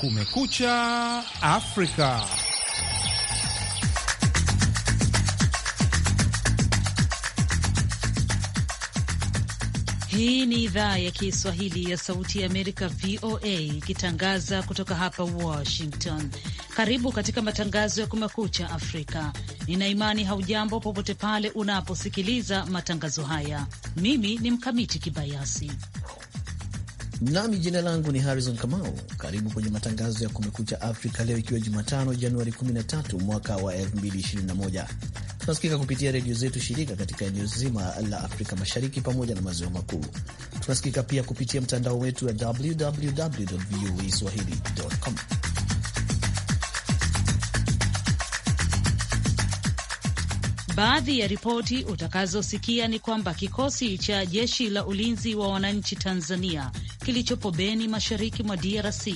Kumekucha Afrika. Hii ni idhaa ya Kiswahili ya Sauti ya Amerika, VOA, ikitangaza kutoka hapa Washington. Karibu katika matangazo ya Kumekucha Afrika. Nina imani haujambo popote pale unaposikiliza matangazo haya. Mimi ni Mkamiti Kibayasi nami jina langu ni Harrison Kamau. Karibu kwenye matangazo ya Kumekucha Afrika leo ikiwa Jumatano, Januari 13 mwaka wa 2021. Tunasikika kupitia redio zetu shirika katika eneo zima la Afrika Mashariki pamoja na maziwa makuu. Tunasikika pia kupitia mtandao wetu wa www www.voaswahili.com. Baadhi ya ripoti utakazosikia ni kwamba kikosi cha jeshi la ulinzi wa wananchi Tanzania kilichopo Beni, mashariki mwa DRC,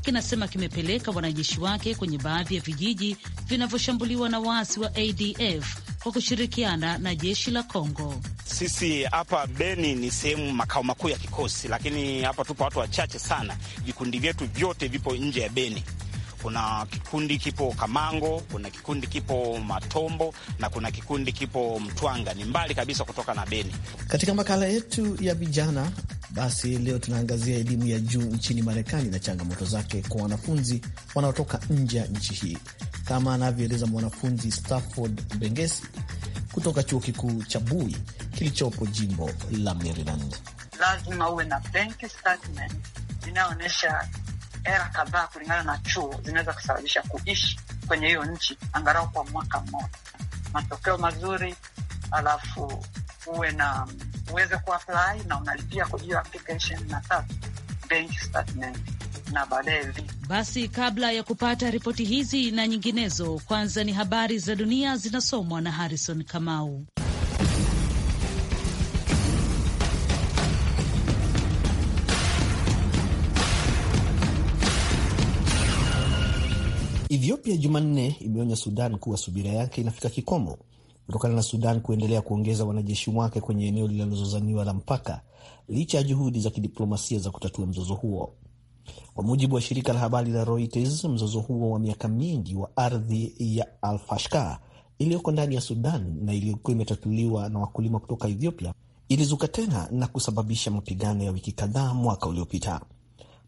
kinasema kimepeleka wanajeshi wake kwenye baadhi ya vijiji vinavyoshambuliwa na waasi wa ADF kwa kushirikiana na jeshi la Kongo. Sisi hapa Beni ni sehemu makao makuu ya kikosi, lakini hapa tupo watu wachache sana. Vikundi vyetu vyote vipo nje ya Beni kuna kikundi kipo Kamango, kuna kikundi kipo Matombo na kuna kikundi kipo Mtwanga, ni mbali kabisa kutoka na Beni. Katika makala yetu ya vijana, basi leo tunaangazia elimu ya juu nchini Marekani na changamoto zake kwa wanafunzi wanaotoka nje ya nchi hii, kama anavyoeleza mwanafunzi Stafford Bengesi kutoka chuo kikuu cha Bui kilichopo jimbo la Maryland. Lazima uwe na bank statement inayoonyesha era kadhaa kulingana na chuo zinaweza kusababisha kuishi kwenye hiyo nchi angalau kwa mwaka mmoja, matokeo mazuri, alafu uwe na uweze kuapply na unalipia kwa hiyo application, na tatu bank statement na baadaye basi. Kabla ya kupata ripoti hizi na nyinginezo, kwanza ni habari za dunia zinasomwa na Harrison Kamau. Ethiopia Jumanne imeonya Sudan kuwa subira yake inafika kikomo kutokana na Sudan kuendelea kuongeza wanajeshi wake kwenye eneo linalozozaniwa la mpaka licha ya juhudi za kidiplomasia za kutatua mzozo huo. Kwa mujibu wa shirika la habari la Reuters, mzozo huo wa miaka mingi wa ardhi ya alfashka iliyoko ndani ya Sudan na iliyokuwa imetatuliwa na wakulima kutoka Ethiopia ilizuka tena na kusababisha mapigano ya wiki kadhaa mwaka uliopita.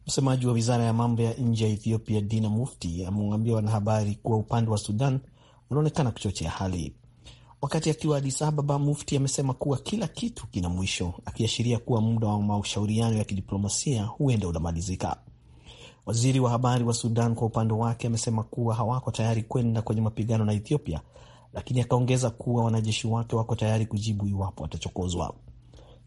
Msemaji wa wizara ya mambo ya nje ya Ethiopia, Dina Mufti, amewaambia wanahabari kuwa upande wa Sudan unaonekana kuchochea hali. Wakati akiwa Addis Ababa, Mufti amesema kuwa kila kitu kina mwisho, akiashiria kuwa muda wa mashauriano ya kidiplomasia huenda unamalizika. Waziri wa habari wa Sudan kwa upande wake amesema kuwa hawako tayari kwenda kwenye mapigano na Ethiopia, lakini akaongeza kuwa wanajeshi wake wako tayari kujibu iwapo watachokozwa.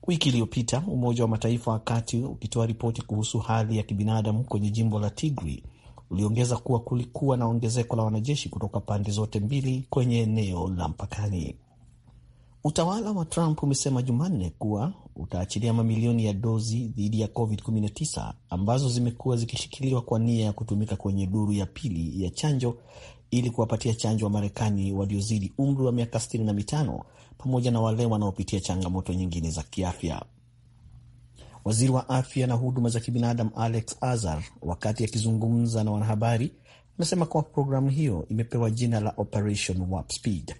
Wiki iliyopita Umoja wa Mataifa, wakati ukitoa ripoti kuhusu hali ya kibinadamu kwenye jimbo la tigri uliongeza kuwa kulikuwa na ongezeko la wanajeshi kutoka pande zote mbili kwenye eneo la mpakani. Utawala wa Trump umesema Jumanne kuwa utaachilia mamilioni ya dozi dhidi ya COVID-19 ambazo zimekuwa zikishikiliwa kwa nia ya kutumika kwenye duru ya pili ya chanjo ili kuwapatia chanjo wa marekani waliozidi umri wa miaka 65 pamoja na wale wanaopitia changamoto nyingine za kiafya. Waziri wa afya na huduma za kibinadamu Alex Azar, wakati akizungumza na wanahabari, amesema kuwa programu hiyo imepewa jina la Operation Warp Speed.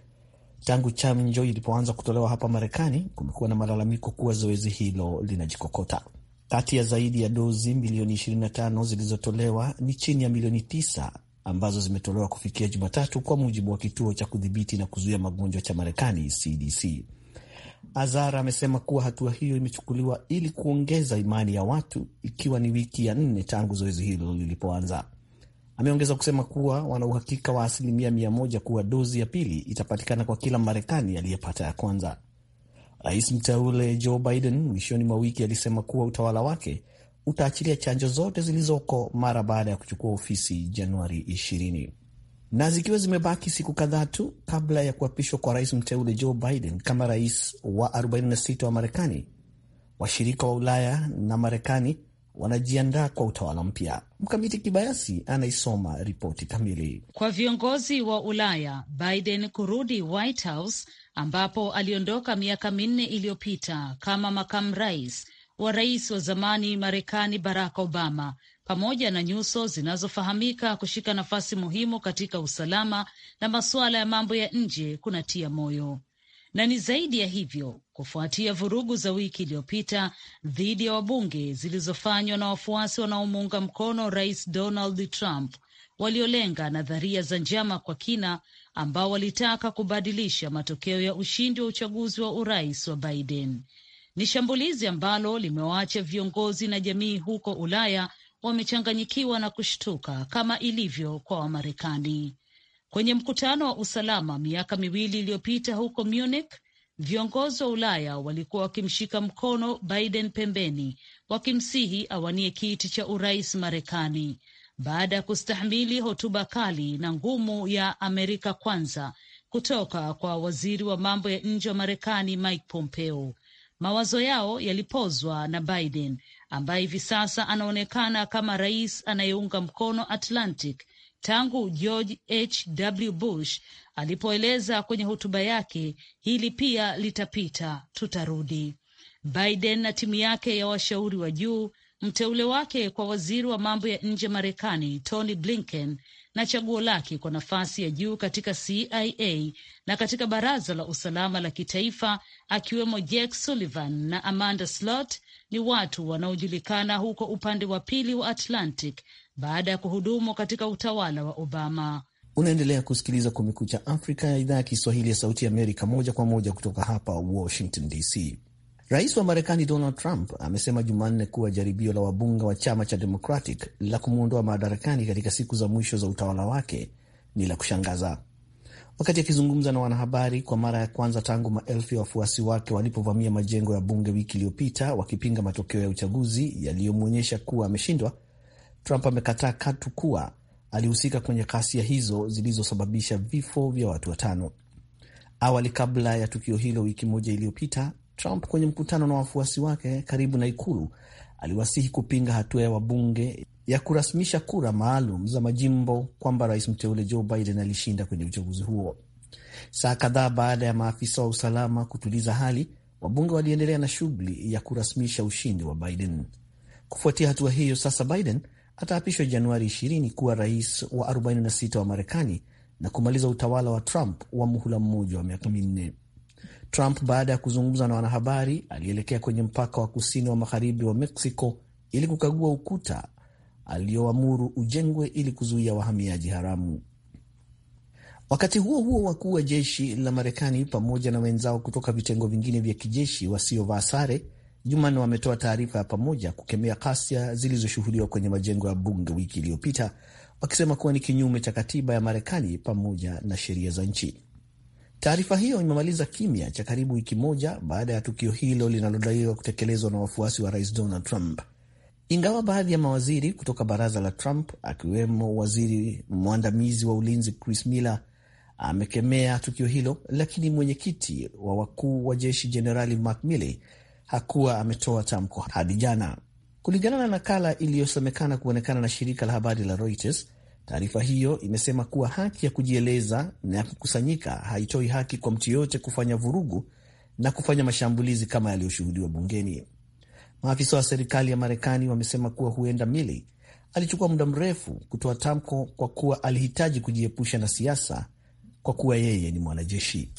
Tangu chanjo ilipoanza kutolewa hapa Marekani, kumekuwa na malalamiko kuwa zoezi hilo linajikokota. Kati ya zaidi ya dozi milioni 25 zilizotolewa, ni chini ya milioni 9 ambazo zimetolewa kufikia Jumatatu, kwa mujibu wa kituo cha kudhibiti na kuzuia magonjwa cha Marekani, CDC. Azar amesema kuwa hatua hiyo imechukuliwa ili kuongeza imani ya watu, ikiwa ni wiki ya nne tangu zoezi hilo lilipoanza. Ameongeza kusema kuwa wana uhakika wa asilimia mia moja kuwa dozi ya pili itapatikana kwa kila Marekani aliyepata ya kwanza. Rais mteule Joe Biden mwishoni mwa wiki alisema kuwa utawala wake utaachilia chanjo zote zilizoko mara baada ya kuchukua ofisi Januari 20. Na zikiwa zimebaki siku kadhaa tu kabla ya kuapishwa kwa rais mteule Joe Biden kama rais wa 46 wa Marekani, washirika wa Ulaya na Marekani wanajiandaa kwa utawala mpya. Mkamiti Kibayasi anaisoma ripoti kamili. Kwa viongozi wa Ulaya, Biden kurudi White House ambapo aliondoka miaka minne iliyopita kama makamu rais wa rais wa zamani Marekani Barack Obama pamoja na nyuso zinazofahamika kushika nafasi muhimu katika usalama na masuala ya mambo ya nje kunatia moyo. Na ni zaidi ya hivyo, kufuatia vurugu za wiki iliyopita dhidi ya wabunge zilizofanywa na wafuasi wanaomuunga mkono rais Donald Trump waliolenga nadharia za njama kwa kina, ambao walitaka kubadilisha matokeo ya ushindi wa uchaguzi wa urais wa Biden. Ni shambulizi ambalo limewaacha viongozi na jamii huko Ulaya wamechanganyikiwa na kushtuka kama ilivyo kwa Wamarekani. Kwenye mkutano wa usalama miaka miwili iliyopita huko Munich, viongozi wa Ulaya walikuwa wakimshika mkono Biden pembeni, wakimsihi awanie kiti cha urais Marekani baada ya kustahimili hotuba kali na ngumu ya Amerika kwanza kutoka kwa waziri wa mambo ya nje wa Marekani Mike Pompeo. Mawazo yao yalipozwa na Biden ambaye hivi sasa anaonekana kama rais anayeunga mkono Atlantic tangu George w Bush alipoeleza kwenye hotuba yake, hili pia litapita, tutarudi. Biden na timu yake ya washauri wa juu, mteule wake kwa waziri wa mambo ya nje Marekani Tony Blinken na chaguo lake kwa nafasi ya juu katika CIA na katika baraza la usalama la kitaifa, akiwemo Jake Sullivan na Amanda Slot ni watu wanaojulikana huko upande wa pili wa Atlantic baada ya kuhudumu katika utawala wa Obama. Unaendelea kusikiliza Kumekucha Afrika ya idhaa ya Kiswahili ya Sauti ya Amerika, moja kwa moja kutoka hapa Washington DC. Rais wa Marekani Donald Trump amesema Jumanne kuwa jaribio la wabunge wa chama cha Democratic la kumwondoa madarakani katika siku za mwisho za utawala wake ni la kushangaza. Wakati akizungumza na wanahabari kwa mara ya kwanza tangu maelfu ya wafuasi wake walipovamia majengo ya bunge wiki iliyopita wakipinga matokeo ya uchaguzi yaliyomwonyesha kuwa ameshindwa, Trump amekataa katu kuwa alihusika kwenye ghasia hizo zilizosababisha vifo vya watu watano. Awali, kabla ya tukio hilo wiki moja iliyopita, Trump kwenye mkutano na wafuasi wake karibu na ikulu aliwasihi kupinga hatua ya wabunge ya kurasmisha kura maalum za majimbo kwamba rais mteule Joe Biden alishinda kwenye uchaguzi huo. Saa kadhaa baada ya maafisa wa usalama kutuliza hali, wabunge waliendelea na shughuli ya kurasmisha ushindi wa Biden. Kufuatia hatua hiyo, sasa Biden ataapishwa Januari 20 kuwa rais wa 46 wa Marekani na kumaliza utawala wa Trump wa muhula mmoja wa miaka minne. Trump baada ya kuzungumza na wanahabari, alielekea kwenye mpaka wa kusini wa magharibi wa Mexico ili kukagua ukuta alioamuru ujengwe ili kuzuia wahamiaji haramu. Wakati huo huo, wakuu wa jeshi la Marekani pamoja na wenzao kutoka vitengo vingine vya kijeshi wasiovaa sare Jumanne wametoa taarifa ya pamoja kukemea ghasia zilizoshuhudiwa kwenye majengo ya bunge wiki iliyopita, wakisema kuwa ni kinyume cha katiba ya Marekani pamoja na sheria za nchi. Taarifa hiyo imemaliza kimya cha karibu wiki moja baada ya tukio hilo linalodaiwa kutekelezwa na wafuasi wa rais Donald Trump, ingawa baadhi ya mawaziri kutoka baraza la Trump akiwemo waziri mwandamizi wa ulinzi Chris Miller amekemea tukio hilo, lakini mwenyekiti wa wakuu wa jeshi Jenerali Mark Milley hakuwa ametoa tamko hadi jana, kulingana na nakala iliyosemekana kuonekana na shirika la habari la Reuters. Taarifa hiyo imesema kuwa haki ya kujieleza na ya kukusanyika haitoi haki kwa mtu yoyote kufanya vurugu na kufanya mashambulizi kama yaliyoshuhudiwa bungeni. Maafisa wa serikali ya Marekani wamesema kuwa huenda Milley alichukua muda mrefu kutoa tamko kwa kuwa alihitaji kujiepusha na siasa kwa kuwa yeye ni mwanajeshi.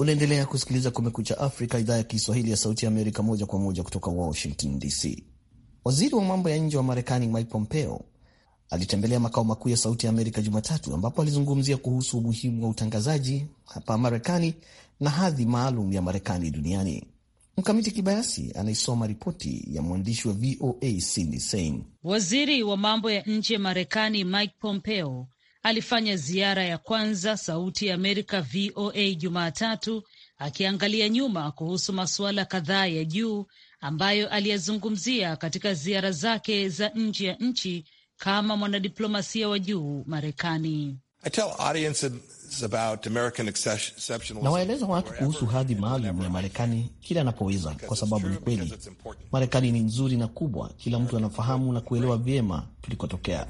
Unaendelea kusikiliza Kumekucha Afrika, idhaa ya Kiswahili ya Sauti ya Amerika, moja kwa moja kutoka Washington DC. Waziri wa mambo ya nje wa Marekani Mike Pompeo alitembelea makao makuu ya Sauti ya Amerika Jumatatu, ambapo alizungumzia kuhusu umuhimu wa utangazaji hapa Marekani na hadhi maalum ya Marekani duniani. Mkamiti Kibayasi anaisoma ripoti ya mwandishi wa VOA Cindy Sein. Waziri wa mambo ya nje Marekani Mike Pompeo alifanya ziara ya kwanza Sauti ya Amerika VOA Jumatatu, akiangalia nyuma kuhusu masuala kadhaa ya juu ambayo aliyazungumzia katika ziara zake za nje ya nchi kama mwanadiplomasia wa juu Marekani. Nawaeleza watu kuhusu hadhi maalum ya Marekani kila anapoweza, kwa sababu ni kweli Marekani ni nzuri na kubwa. Kila mtu anafahamu na kuelewa vyema tulikotokea.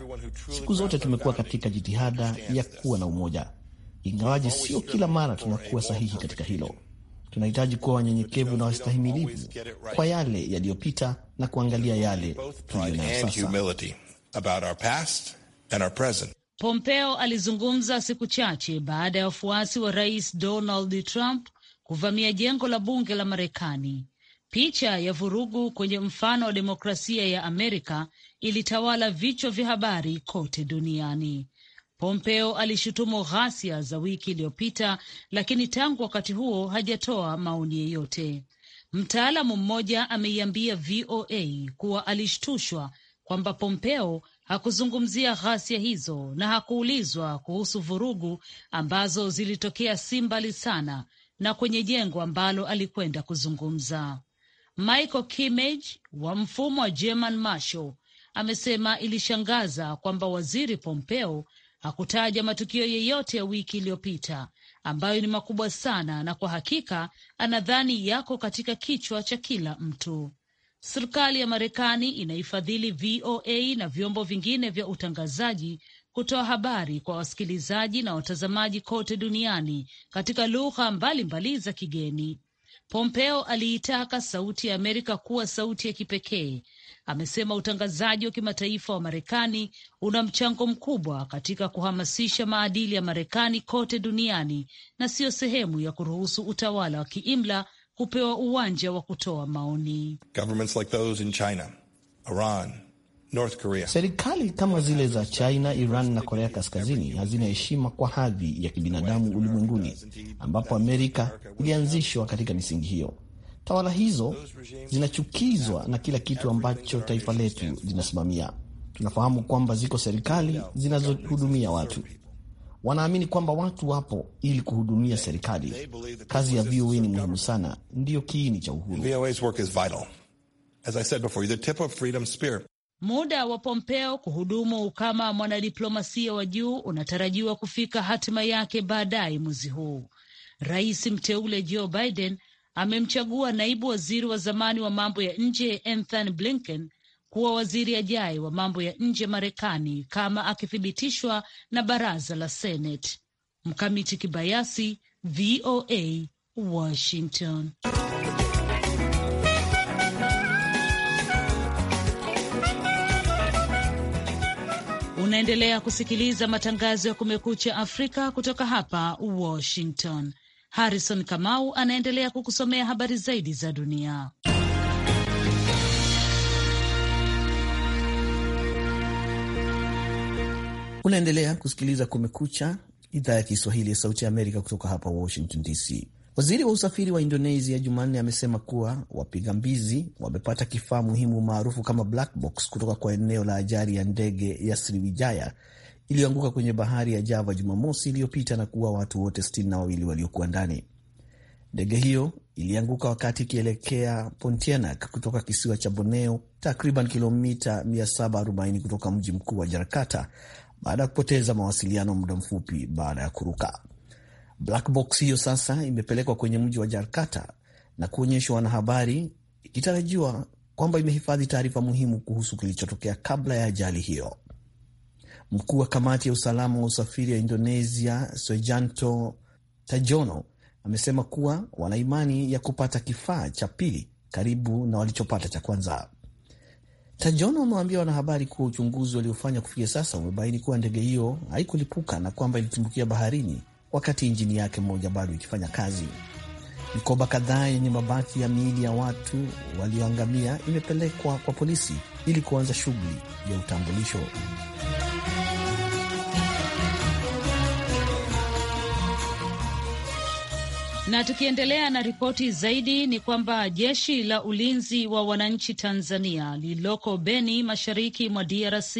Siku zote tumekuwa katika jitihada ya kuwa na umoja, ingawaji sio kila mara tunakuwa sahihi katika hilo. Tunahitaji kuwa wanyenyekevu na wastahimilivu kwa yale yaliyopita na kuangalia yale tuliyonayo sasa. Pompeo alizungumza siku chache baada ya wafuasi wa rais Donald Trump kuvamia jengo la bunge la Marekani. Picha ya vurugu kwenye mfano wa demokrasia ya Amerika ilitawala vichwa vya habari kote duniani. Pompeo alishutumu ghasia za wiki iliyopita, lakini tangu wakati huo hajatoa maoni yeyote. Mtaalamu mmoja ameiambia VOA kuwa alishtushwa kwamba Pompeo hakuzungumzia ghasia hizo na hakuulizwa kuhusu vurugu ambazo zilitokea si mbali sana na kwenye jengo ambalo alikwenda kuzungumza. Michael Kimmage wa mfumo wa German Marshall amesema ilishangaza kwamba waziri Pompeo hakutaja matukio yeyote ya wiki iliyopita ambayo ni makubwa sana, na kwa hakika anadhani yako katika kichwa cha kila mtu. Serikali ya Marekani inaifadhili VOA na vyombo vingine vya utangazaji kutoa habari kwa wasikilizaji na watazamaji kote duniani katika lugha mbalimbali za kigeni. Pompeo aliitaka Sauti ya Amerika kuwa sauti ya kipekee. Amesema utangazaji wa kimataifa wa Marekani una mchango mkubwa katika kuhamasisha maadili ya Marekani kote duniani na siyo sehemu ya kuruhusu utawala wa kiimla hupewa uwanja wa kutoa maoni. Like those in China, Iran, North Korea. Serikali kama zile za China, Iran na Korea Kaskazini hazina heshima kwa hadhi ya kibinadamu ulimwenguni, ambapo Amerika ilianzishwa katika misingi hiyo. Tawala hizo zinachukizwa na kila kitu ambacho taifa letu linasimamia. Tunafahamu kwamba ziko serikali zinazohudumia watu wanaamini kwamba watu wapo ili kuhudumia serikali. Kazi ya VOA ni muhimu sana, ndiyo kiini cha uhuru. Muda wa Pompeo kuhudumu kama mwanadiplomasia wa juu unatarajiwa kufika hatima yake baadaye mwezi huu. Rais mteule Joe Biden amemchagua naibu waziri wa zamani wa mambo ya nje Anthony Blinken kuwa waziri ajaye wa mambo ya nje Marekani kama akithibitishwa na baraza la senet Mkamiti Kibayasi, VOA, Washington. Unaendelea kusikiliza matangazo ya Kumekucha Afrika kutoka hapa Washington. Harrison Kamau anaendelea kukusomea habari zaidi za dunia. Unaendelea kusikiliza Kumekucha, idhaa ya Kiswahili ya Sauti ya Amerika kutoka hapa Washington DC. Waziri wa usafiri wa Indonesia Jumanne amesema kuwa wapiga mbizi wamepata kifaa muhimu maarufu kama black box kutoka kwa eneo la ajali ya ndege ya Sriwijaya iliyoanguka kwenye bahari ya Java Jumamosi iliyopita na kuua watu wote sitini na wawili waliokuwa ndani. Ndege hiyo ilianguka wakati ikielekea Pontianak kutoka kisiwa cha Borneo, takriban kilomita 740 kutoka mji mkuu wa Jakarta, baada ya kupoteza mawasiliano muda mfupi baada ya kuruka. Black box hiyo sasa imepelekwa kwenye mji wa Jakarta na kuonyeshwa wanahabari, ikitarajiwa kwamba imehifadhi taarifa muhimu kuhusu kilichotokea kabla ya ajali hiyo. Mkuu wa kamati ya usalama wa usafiri ya Indonesia Sejanto Tajono amesema kuwa wana imani ya kupata kifaa cha pili karibu na walichopata cha kwanza tajon amewaambia wanahabari kuwa uchunguzi waliofanya kufikia sasa umebaini kuwa ndege hiyo haikulipuka na kwamba ilitumbukia baharini wakati injini yake moja bado ikifanya kazi. Mikoba kadhaa yenye mabaki ya miili ya watu walioangamia imepelekwa kwa polisi ili kuanza shughuli ya utambulisho. Na tukiendelea na ripoti zaidi ni kwamba jeshi la ulinzi wa wananchi Tanzania lililoko Beni, mashariki mwa DRC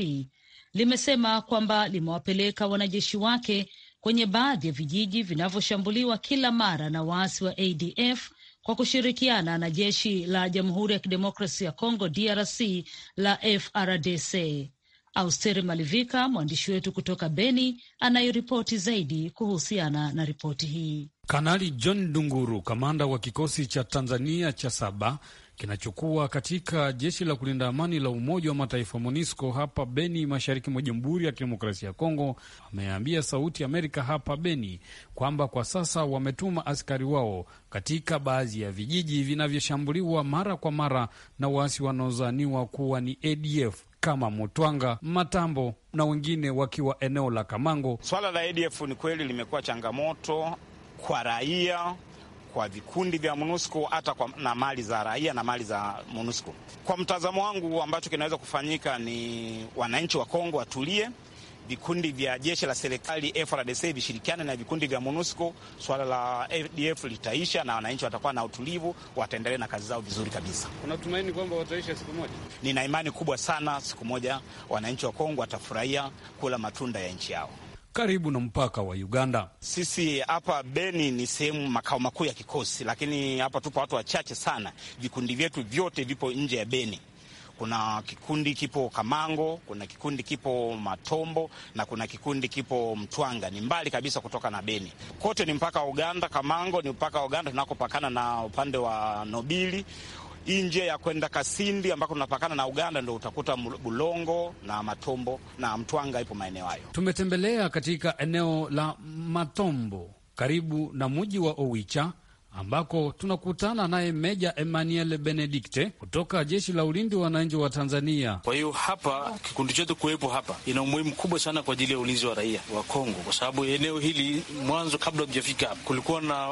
limesema kwamba limewapeleka wanajeshi wake kwenye baadhi ya vijiji vinavyoshambuliwa kila mara na waasi wa ADF kwa kushirikiana na jeshi la Jamhuri ya Kidemokrasia ya Kongo DRC la FRDC. Austeri Malivika, mwandishi wetu kutoka Beni, anayeripoti zaidi kuhusiana na ripoti hii. Kanali John Dunguru, kamanda wa kikosi cha Tanzania cha saba kinachokuwa katika jeshi la kulinda amani la Umoja wa Mataifa MONUSCO hapa Beni, mashariki mwa Jamhuri ya Kidemokrasia ya Kongo, ameambia Sauti Amerika hapa Beni kwamba kwa sasa wametuma askari wao katika baadhi ya vijiji vinavyoshambuliwa mara kwa mara na waasi wanaozaniwa kuwa ni ADF kama Mutwanga, Matambo na wengine wakiwa eneo la Kamango. Swala la ADF ni kweli limekuwa changamoto kwa raia, kwa vikundi vya MONUSCO hata na mali za raia na mali za MONUSCO. Kwa mtazamo wangu, ambacho kinaweza kufanyika ni wananchi wa Kongo watulie, vikundi vya jeshi la serikali FRDC vishirikiane na vikundi vya MONUSCO, swala la ADF litaisha na wananchi watakuwa na utulivu, wataendelea na kazi zao vizuri kabisa. Unatumaini kwamba wataisha siku moja? Nina imani kubwa sana, siku moja wananchi wa Kongo watafurahia kula matunda ya nchi yao karibu na mpaka wa Uganda. Sisi hapa Beni ni sehemu makao makuu ya kikosi, lakini hapa tupo watu wachache sana. Vikundi vyetu vyote vipo nje ya Beni. Kuna kikundi kipo Kamango, kuna kikundi kipo Matombo na kuna kikundi kipo Mtwanga. Ni mbali kabisa kutoka na Beni. Kote ni mpaka wa Uganda. Kamango ni mpaka wa Uganda, tunakopakana na upande wa Nobili nje ya kwenda Kasindi ambako tunapakana na Uganda, ndo utakuta Bulongo na Matombo na Mtwanga ipo maeneo hayo. Tumetembelea katika eneo la Matombo karibu na mji wa Owicha ambako tunakutana naye Meja Emmanuel Benedikte kutoka jeshi la ulinzi wa wananchi wa Tanzania. Kwa hiyo hapa kikundi chetu kuwepo hapa ina umuhimu mkubwa sana kwa ajili ya ulinzi wa raia wa Kongo, kwa sababu eneo hili mwanzo, kabla hatujafika hapa, kulikuwa na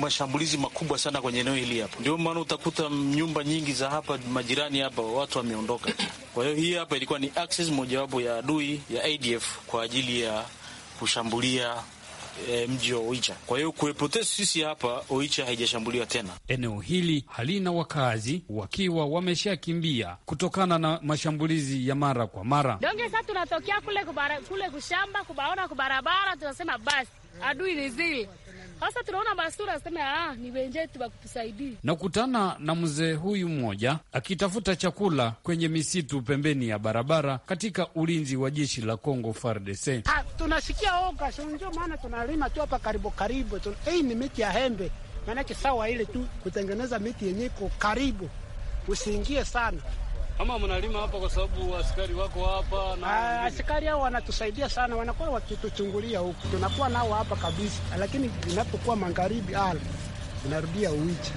mashambulizi makubwa sana kwenye eneo hili hapa. Ndio maana utakuta nyumba nyingi za hapa majirani hapa watu wameondoka. Kwa hiyo hii hapa ilikuwa ni access mojawapo ya adui ya ADF kwa ajili ya kushambulia E, mji wa Oicha. Kwa hiyo kuepote sisi hapa Oicha haijashambuliwa tena. Eneo hili halina wakazi wakiwa wameshakimbia kutokana na mashambulizi ya mara kwa mara. Donge sasa tunatokea kule kubara, kule kushamba kubaona kubarabara tunasema basi adui ni zile sasa tunaona masura sema ah, ni wenjetu wakutusaidia. Nakutana na mzee huyu mmoja akitafuta chakula kwenye misitu pembeni ya barabara katika ulinzi wa jeshi la Kongo FARDC. Ah, tunasikia oga ndio maana tunalima tu hapa karibu karibu. Hii ni miti ya hembe. Maanake sawa ile tu kutengeneza miti yenye iko karibu. Usiingie sana. Kama mnalima hapa kwa sababu askari wako hapa na ah, askari hao wanatusaidia sana, wanakuwa wakituchungulia huku, tunakuwa nao hapa kabisa, lakini inapokuwa magharibi al ah, inarudia uwicha.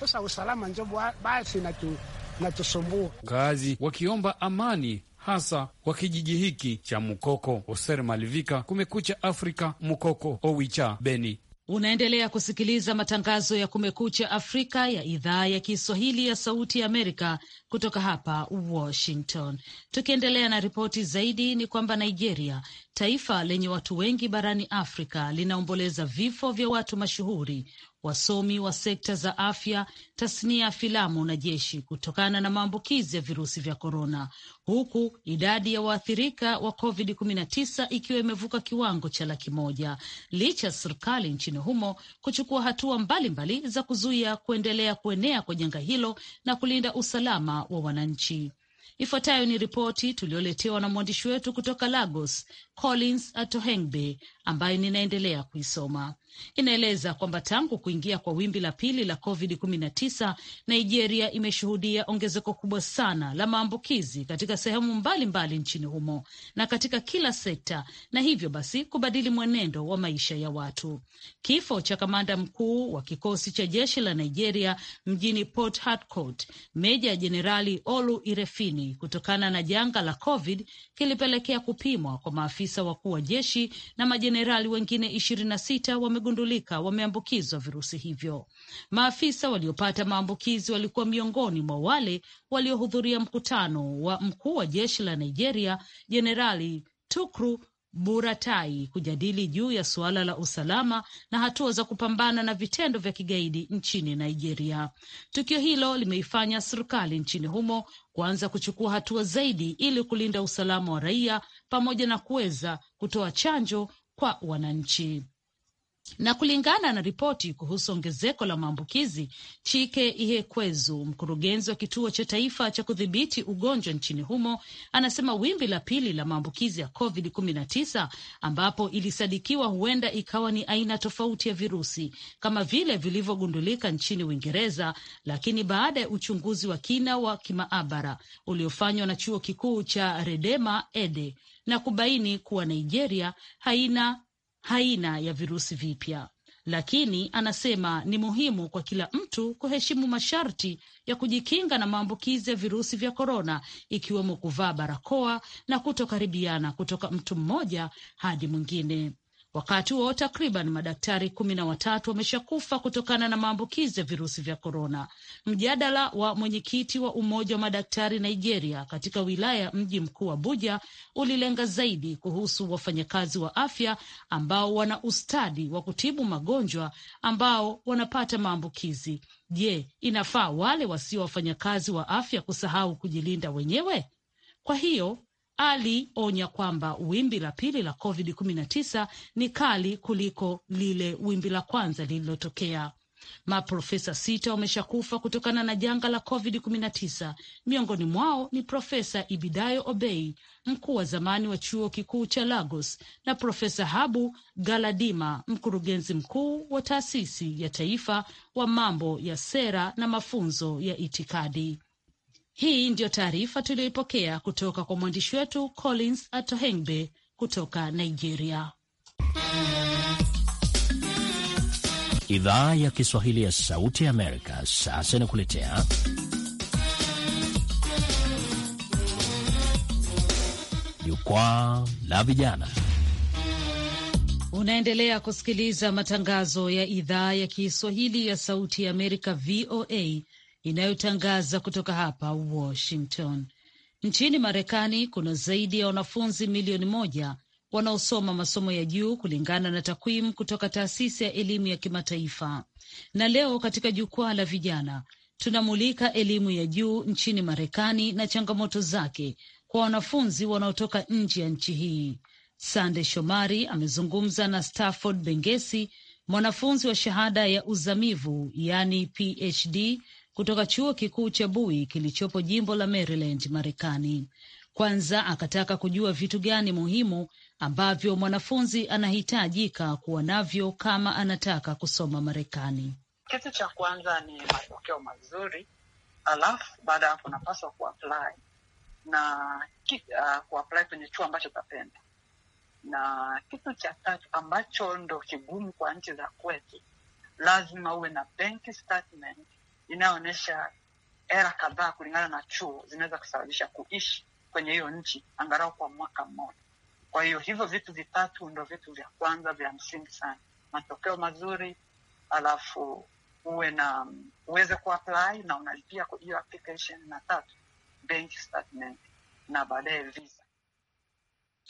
Sasa usalama njo basi natu, natusumbua kazi, wakiomba amani hasa wa kijiji hiki cha Mukoko. Hoser Malivika, Kumekucha Afrika, Mukoko, Owicha, Beni. Unaendelea kusikiliza matangazo ya Kumekucha Afrika ya idhaa ya Kiswahili ya Sauti ya Amerika kutoka hapa Washington. Tukiendelea na ripoti zaidi, ni kwamba Nigeria, taifa lenye watu wengi barani Afrika, linaomboleza vifo vya watu mashuhuri wasomi wa sekta za afya, tasnia ya filamu na jeshi kutokana na maambukizi ya virusi vya korona, huku idadi ya waathirika wa COVID-19 ikiwa imevuka kiwango cha laki moja licha ya serikali nchini humo kuchukua hatua mbalimbali mbali za kuzuia kuendelea kuenea kwa janga hilo na kulinda usalama wa wananchi. Ifuatayo ni ripoti tuliyoletewa na mwandishi wetu kutoka Lagos, Collins Atohengbe, ambayo ninaendelea kuisoma inaeleza kwamba tangu kuingia kwa wimbi la pili la COVID-19, Nigeria imeshuhudia ongezeko kubwa sana la maambukizi katika sehemu mbalimbali mbali nchini humo na katika kila sekta, na hivyo basi kubadili mwenendo wa maisha ya watu. Kifo cha kamanda mkuu wa kikosi cha jeshi la Nigeria mjini Port Harcourt, Meja Jenerali Olu Irefini, kutokana na janga la COVID kilipelekea kupimwa kwa maafisa wakuu wa jeshi na majenerali wengine 26 wame wamegundulika wameambukizwa virusi hivyo. Maafisa waliopata maambukizi walikuwa miongoni mwa wale waliohudhuria mkutano wa mkuu wa jeshi la Nigeria Jenerali Tukru Buratai kujadili juu ya suala la usalama na hatua za kupambana na vitendo vya kigaidi nchini Nigeria. Tukio hilo limeifanya serikali nchini humo kuanza kuchukua hatua zaidi ili kulinda usalama wa raia pamoja na kuweza kutoa chanjo kwa wananchi na kulingana na ripoti kuhusu ongezeko la maambukizi, Chike Ihekwezu, mkurugenzi wa kituo cha taifa cha kudhibiti ugonjwa nchini humo, anasema wimbi la pili la maambukizi ya COVID-19 ambapo ilisadikiwa huenda ikawa ni aina tofauti ya virusi kama vile vilivyogundulika nchini Uingereza, lakini baada ya uchunguzi wa kina wa kimaabara uliofanywa na chuo kikuu cha Redema Ede na kubaini kuwa Nigeria haina haina ya virusi vipya, lakini anasema ni muhimu kwa kila mtu kuheshimu masharti ya kujikinga na maambukizi ya virusi vya korona, ikiwemo kuvaa barakoa na kutokaribiana kutoka mtu mmoja hadi mwingine. Wakati huo takriban madaktari kumi na watatu wameshakufa kutokana na maambukizi ya virusi vya korona. Mjadala wa mwenyekiti wa umoja wa madaktari Nigeria katika wilaya ya mji mkuu Abuja ulilenga zaidi kuhusu wafanyakazi wa afya ambao wana ustadi wa kutibu magonjwa ambao wanapata maambukizi. Je, inafaa wale wasio wafanyakazi wa afya kusahau kujilinda wenyewe? Kwa hiyo alionya kwamba wimbi la pili la COVID-19 ni kali kuliko lile wimbi la kwanza lililotokea. Maprofesa sita wameshakufa kutokana na janga la COVID-19. Miongoni mwao ni Profesa Ibidayo Obei, mkuu wa zamani wa chuo kikuu cha Lagos, na Profesa Habu Galadima, mkurugenzi mkuu wa taasisi ya taifa wa mambo ya sera na mafunzo ya itikadi. Hii ndiyo taarifa tuliyoipokea kutoka kwa mwandishi wetu Collins Atohengbe kutoka Nigeria. Idhaa ya Kiswahili ya Sauti ya Amerika sasa inakuletea Jukwaa la Vijana. Unaendelea kusikiliza matangazo ya idhaa ya Kiswahili ya Sauti ya Amerika, VOA, inayotangaza kutoka hapa Washington. Nchini Marekani kuna zaidi ya wanafunzi milioni moja wanaosoma masomo ya juu kulingana na takwimu kutoka taasisi ya elimu ya kimataifa. Na leo katika jukwaa la vijana tunamulika elimu ya juu nchini Marekani na changamoto zake kwa wanafunzi wanaotoka nje ya nchi hii. Sande Shomari amezungumza na Stafford Bengesi, mwanafunzi wa shahada ya uzamivu yani PhD kutoka chuo kikuu cha bui kilichopo jimbo la Maryland, Marekani. Kwanza akataka kujua vitu gani muhimu ambavyo mwanafunzi anahitajika kuwa navyo kama anataka kusoma Marekani. Kitu cha kwanza ni matokeo mazuri, alafu baada ya hapo unapaswa kuapply na uh, kuapply kwenye chuo ambacho utapenda. Na kitu cha tatu ambacho ndo kigumu kwa nchi za kwetu, lazima uwe na bank statement inayoonyesha era kadhaa kulingana na chuo zinaweza kusababisha kuishi kwenye hiyo nchi angalau kwa mwaka mmoja. Kwa hiyo hivyo vitu vitatu ndo vitu vya kwanza vya msingi sana, matokeo mazuri, alafu uwe na uweze kuapply na unalipia hiyo application, na tatu bank statement na baadaye visa.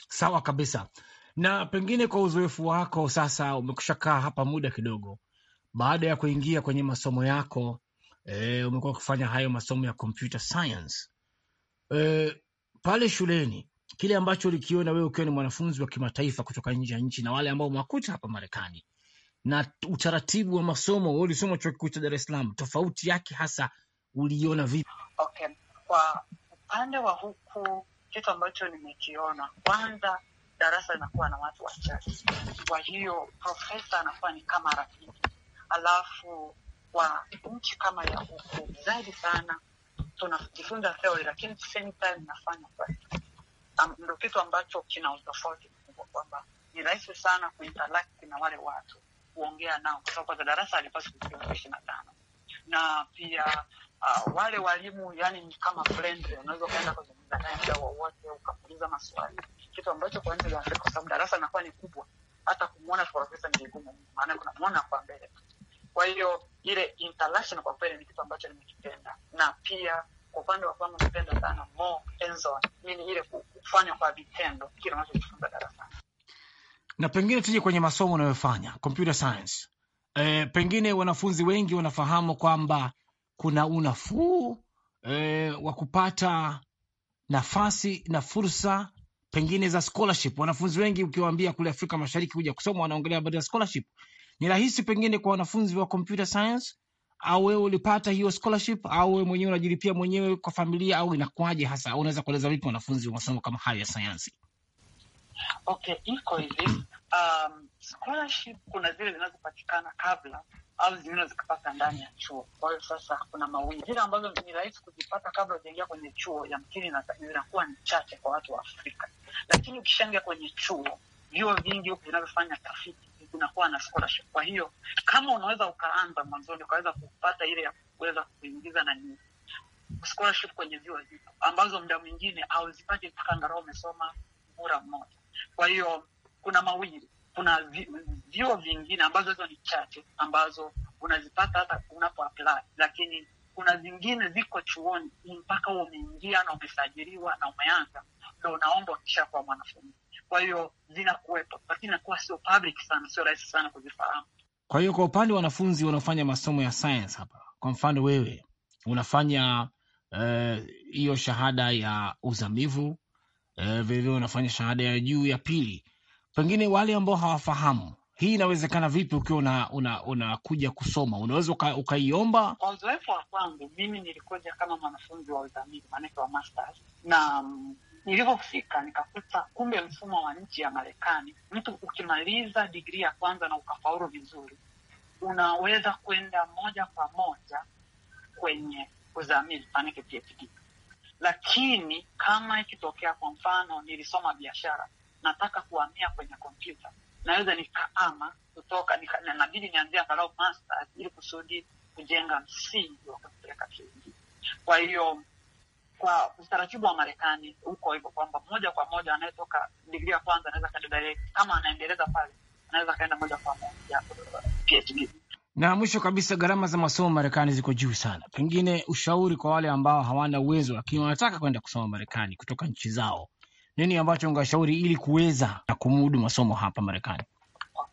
Sawa kabisa. Na pengine kwa uzoefu wako sasa, umekusha kaa hapa muda kidogo, baada ya kuingia kwenye masomo yako e, umekuwa ukifanya hayo masomo ya computer science e, pale shuleni, kile ambacho ulikiona wewe ukiwa ni mwanafunzi wa kimataifa kutoka nje ya nchi na wale ambao umewakuta hapa Marekani na utaratibu wa masomo, wewe ulisoma chuo kikuu cha Dar es Salaam, tofauti yake hasa uliona vipi? Okay, kwa upande wa huku kitu ambacho nimekiona kwanza darasa linakuwa na watu wachache, kwa hiyo profesa anakuwa ni kama rafiki, alafu kwa nchi kama ya huku zaidi sana tunajifunza theory, lakini at the same time nafanya practice. ndo kitu ambacho kina utofauti mkubwa kwamba ni rahisi sana kuinteract na wale watu kuongea nao, kwa sababu kwanza darasa alipaswa kufikia ishirini na tano na pia uh, wale walimu yani ni kama friend, unaweza ukaenda kuzungumza naye muda wowote ukamuuliza maswali, kitu ambacho kwa nchi za Afrika, kwa sababu darasa inakuwa ni kubwa, hata kumwona profesa ni vigumu, maana kunamuona kwa mbele kwa hiyo ile international kwa kweli ni kitu ambacho nimekipenda, na pia kwa upande wa kwangu napenda sana more hands on, ile kufanya kwa vitendo kile unachojifunza darasani. Na pengine tuje kwenye masomo unayofanya computer science. E, pengine wanafunzi wengi wanafahamu kwamba kuna unafuu e, wa kupata nafasi na fursa pengine za scholarship. Wanafunzi wengi ukiwaambia kule Afrika Mashariki kuja kusoma, wanaongelea baada ya scholarship ni rahisi pengine kwa wanafunzi wa computer science au wewe ulipata hiyo scholarship au wewe mwenyewe unajilipia mwenyewe kwa familia au inakuwaje hasa, au unaweza kueleza vipi wanafunzi wa masomo kama hayo ya sayansi? Okay, iko hivi. Um, scholarship kuna zile zinazopatikana kabla au zingine zikapata ndani ya chuo. Kwa hiyo sasa kuna mawili, zile ambazo ni rahisi kuzipata kabla ujaingia kwenye chuo, yamkini zinakuwa ni chache kwa watu wa Afrika, lakini ukishaingia kwenye chuo, vyuo vingi huku vinavyofanya tafiti unakuwa na scholarship. Kwa hiyo kama unaweza ukaanza mwanzoni ukaweza kupata ile ya kuweza kuingiza na nini scholarship kwenye vyuo vipo ambazo muda mwingine hauzipati mpaka angalau umesoma mura mmoja. Kwa hiyo kuna mawili, kuna vyuo vingine ambazo hizo ni chache ambazo unazipata hata unapo apply, lakini kuna zingine ziko chuoni mpaka umeingia na umesajiliwa na umeanza ndo unaomba ukisha kuwa mwanafunzi. Kwa hiyo zinakuwepo, lakini inakuwa sio public sana, sio rahisi sana kuzifahamu. Kwa hiyo kwa upande wa wanafunzi wanaofanya masomo ya science hapa, kwa mfano wewe unafanya eh, hiyo uh, shahada ya uzamivu vilevile eh, uh, unafanya shahada ya juu ya pili, pengine wale ambao hawafahamu hii inawezekana vipi ukiwa una unakuja una kusoma unaweza uka, ukaiomba. Kwa uzoefu wa kwangu mimi nilikuja kama mwanafunzi wa uzamili, maanake wa masters, na Nilivyofika nikakuta kumbe mfumo wa nchi ya Marekani, mtu ukimaliza digrii ya kwanza na ukafaulu vizuri, unaweza kwenda moja kwa moja kwenye uzamili fanike PhD. Lakini kama ikitokea kwa mfano nilisoma biashara, nataka kuhamia kwenye kompyuta, naweza nikaama kutoka nika, nabidi nianzie angalau master ili kusudi kujenga msingi wa kupeleka PhD. Kwa hiyo kwa utaratibu wa Marekani huko hivyo, kwamba moja kwa moja anayetoka digri ya kwanza anaweza kadidare, kama anaendeleza pale anaweza kaenda moja kwa moja uh, PhD. Na mwisho kabisa, gharama za masomo Marekani ziko juu sana. Pengine ushauri kwa wale ambao hawana uwezo lakini wanataka kwenda kusoma Marekani kutoka nchi zao, nini ambacho ungashauri ili kuweza na kumudu masomo hapa Marekani?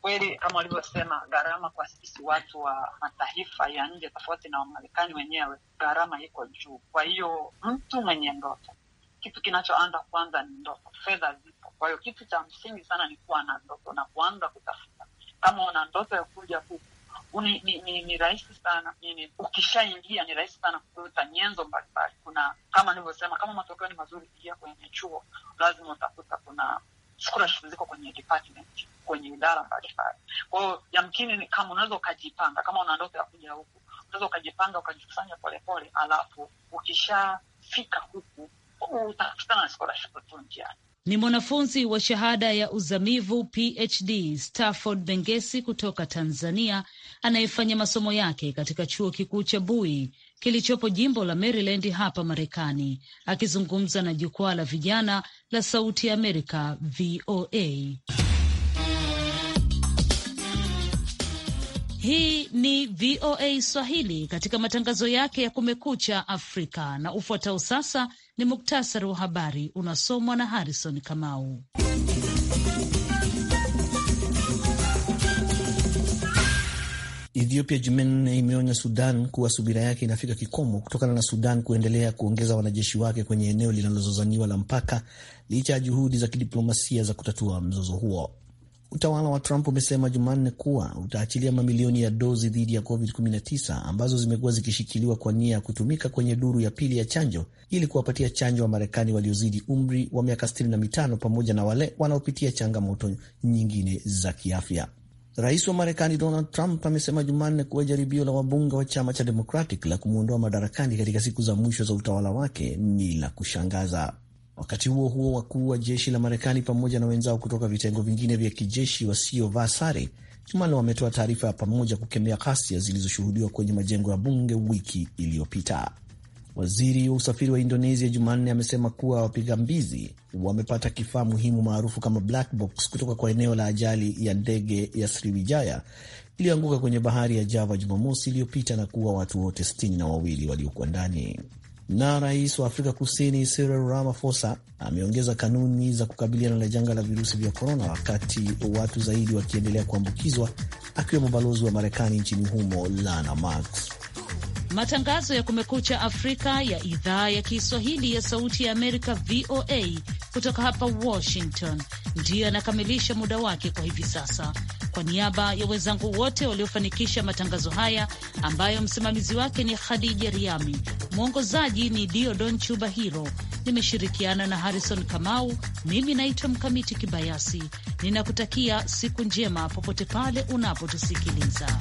kweli kama walivyosema, gharama kwa sisi watu wa mataifa ya nje tofauti na Wamarekani wenyewe, gharama iko juu. Kwa hiyo mtu mwenye ndoto, kitu kinachoanza kwanza ni ndoto. Fedha zipo, kwa hiyo kitu cha msingi sana ni kuwa na ndoto na kuanza kutafuta. Kama una ndoto ya kuja huku ni, ni, ni, ni rahisi sana ni, ukishaingia ni rahisi sana kuta nyenzo mbalimbali. Kuna kama nilivyosema, kama matokeo ni mazuri, pia kwenye chuo lazima utakuta kuna shukuru ziko kwenye department, kwenye idara mbalimbali. Kwa hiyo yamkini, kama unaweza ukajipanga, kama una ndoto ya kuja huku, unaweza ukajipanga ukajikusanya polepole, alafu ukishafika huku utakutana na scholarship tu njiani. Ni mwanafunzi wa shahada ya uzamivu PhD Stafford Bengesi kutoka Tanzania anayefanya masomo yake katika chuo kikuu cha Bui kilichopo jimbo la Maryland hapa Marekani. Akizungumza na jukwaa la vijana la Sauti ya Amerika VOA. Hii ni VOA Swahili katika matangazo yake ya Kumekucha Afrika, na ufuatao sasa ni muktasari wa habari unasomwa na Harrison Kamau. Ethiopia Jumanne imeonya Sudan kuwa subira yake inafika kikomo kutokana na Sudan kuendelea kuongeza wanajeshi wake kwenye eneo linalozozaniwa la mpaka licha ya juhudi za kidiplomasia za kutatua mzozo huo. Utawala wa Trump umesema Jumanne kuwa utaachilia mamilioni ya dozi dhidi ya COVID-19 ambazo zimekuwa zikishikiliwa kwa nia ya kutumika kwenye duru ya pili ya chanjo ili kuwapatia chanjo wa Marekani waliozidi umri wa miaka 65 pamoja na wale wanaopitia changamoto nyingine za kiafya. Rais wa Marekani Donald Trump amesema Jumanne kuwa jaribio la wabunge wa chama cha Democratic la kumwondoa madarakani katika siku za mwisho za utawala wake ni la kushangaza. Wakati huo huo, wakuu wa jeshi la Marekani pamoja na wenzao kutoka vitengo vingine vya kijeshi wasiovaa sare Jumanne wametoa taarifa ya pamoja kukemea ghasia zilizoshuhudiwa kwenye majengo ya bunge wiki iliyopita. Waziri wa usafiri wa Indonesia Jumanne amesema kuwa wapiga mbizi wamepata kifaa muhimu maarufu kama black box kutoka kwa eneo la ajali ya ndege ya Sriwijaya iliyoanguka kwenye bahari ya Java Jumamosi iliyopita na kuwa watu wote sitini na wawili waliokuwa ndani. Na rais wa Afrika Kusini Cyril Ramaphosa ameongeza kanuni za kukabiliana na janga la virusi vya korona, wakati watu zaidi wakiendelea kuambukizwa, akiwemo balozi wa Marekani nchini humo Lana Marks. Matangazo ya Kumekucha Afrika ya idhaa ya Kiswahili ya Sauti ya Amerika, VOA, kutoka hapa Washington, ndiyo yanakamilisha muda wake kwa hivi sasa. Kwa niaba ya wenzangu wote waliofanikisha matangazo haya ambayo msimamizi wake ni Khadija Riami, mwongozaji ni Diodon Chuba Hiro, nimeshirikiana na Harrison Kamau. Mimi naitwa Mkamiti Kibayasi, ninakutakia siku njema popote pale unapotusikiliza.